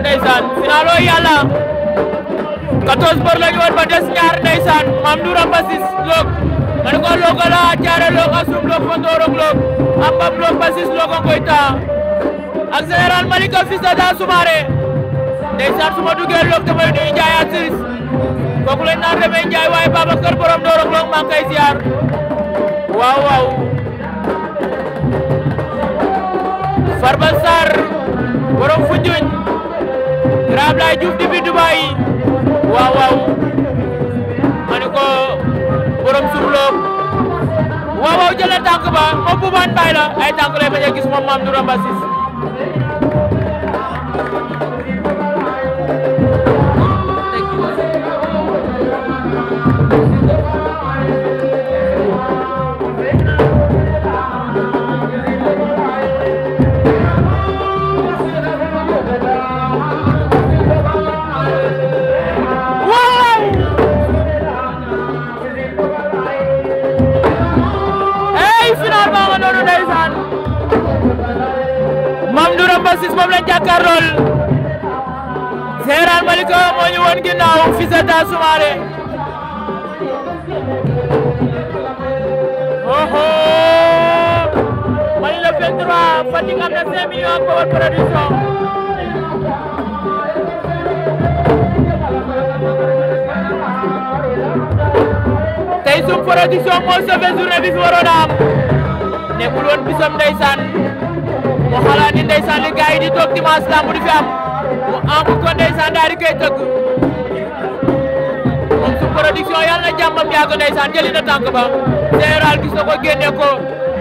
ndeysaan finaaloo yàlla 14 bor lañu woon ba des ñaar ndeysaan maam du rampasis loog man ko loogola a jaare loog a suum loog fa ndoorog loog a mbam loog pasis loog a koy ak général Malika fils de Da Soumaré ndeysaan su ma duggee loog damay nuyu Njaay Asiris kooku lañ naan demee Njaay waaye Babacar borom ndoorog loog maa ngi koy ziar waaw waaw Farba borom fu juñ Grand Laye Diouf depuis Dubaï waaw waaw ko borom suuf loog waaw waaw ba moom bu maan la ay tànk lay bañ a gis moom maam Ndoura Mbasis numéro 6 moom lañ jàkkaarlool Général Malika moo ñu woon ginnaaw Fils de Daa Soumaré oho mani le 23 Fatick am na 5 millions ak Baol production tey sum production moo sauvé journée bi fi waroon a am nekkul woon bisam ndeysaan ndeysaan li gars di toog dimanche lamb du fi am mu am ko ndeysaan daal di koy tëgg moom su production yàlla na jàmmam yaa ko ndeysaan jëli na tànk ba général gis ko génne ko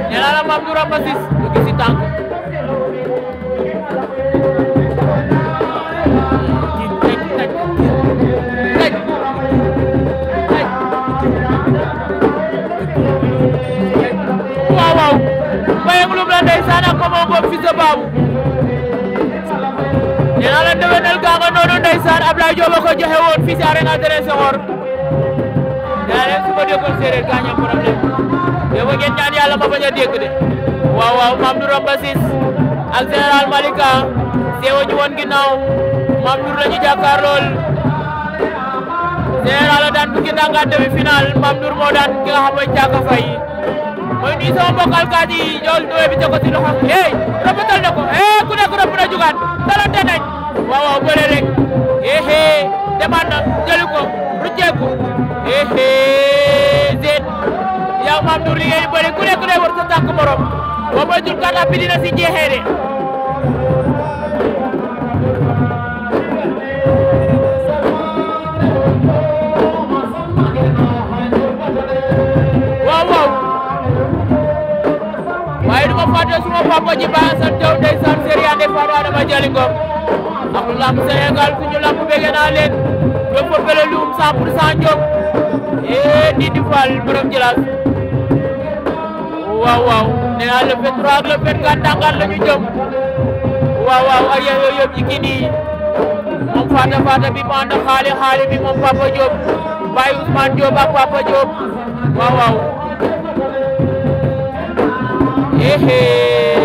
nee naa la maam du gisi tànk Maman Ngom Fils de Babou nee naa la déwénal gaa nga a ko joxe woon fii si arène Adrien Senghor nee naa leen su séeréer gaa ñam problème yow ba ngeen ñaan yàlla ma bañ a de waaw waaw Mame Ndour Romba ak général Malika teewoo ñu woon ginnaaw Mame Ndour la ñu jàkkaar lool général daan bu ki demi final Mame Ndour moo daan ki nga xam mooy Thiaka mooy nuyu sama mbokk alkaati yi jël doy bi teg ko si loxo hey rafetal na ko hey ku nekk rafet na jugaat talante nañ waaw waaw bële rek na jëli ko rucceeku hehe zéet yow maam du liggéey bëri ku nekk day war sa tànk morom boo moytul kàllaab bi dina si jeexee ma fàtte suma papa ji bàyyi sant Diop ndeysaan deh Ande ada Adama Jali Ngom ak lu lamb Sénégal suñu lamb bëgg naa leen ñoom fa bële lu 100 pour 100 Diop eh Ndidi Fall borom Jilas waaw waaw nee naa le 23 ak le 24 tàngaat la ñu jëm waaw waaw ay yooyu yëpp ci kii nii moom Papa Diop Baye Ousmane Diop ak Papa Diop waaw waaw. ehe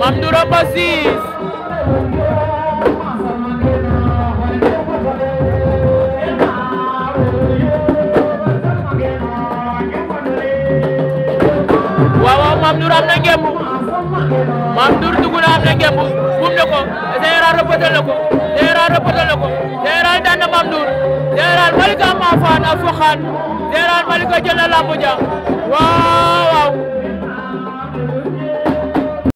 Mame Ndour Amba Ciss waaw waaw Mame Ndour am na ngemb Mame Ndour dugg na am na ngemb bum na ko général rëppatal na ko général rëppatal na ko général daan na Mame Ndour général Malika Mame al fuxaan Général Malika jël na lamb ja waaw waaw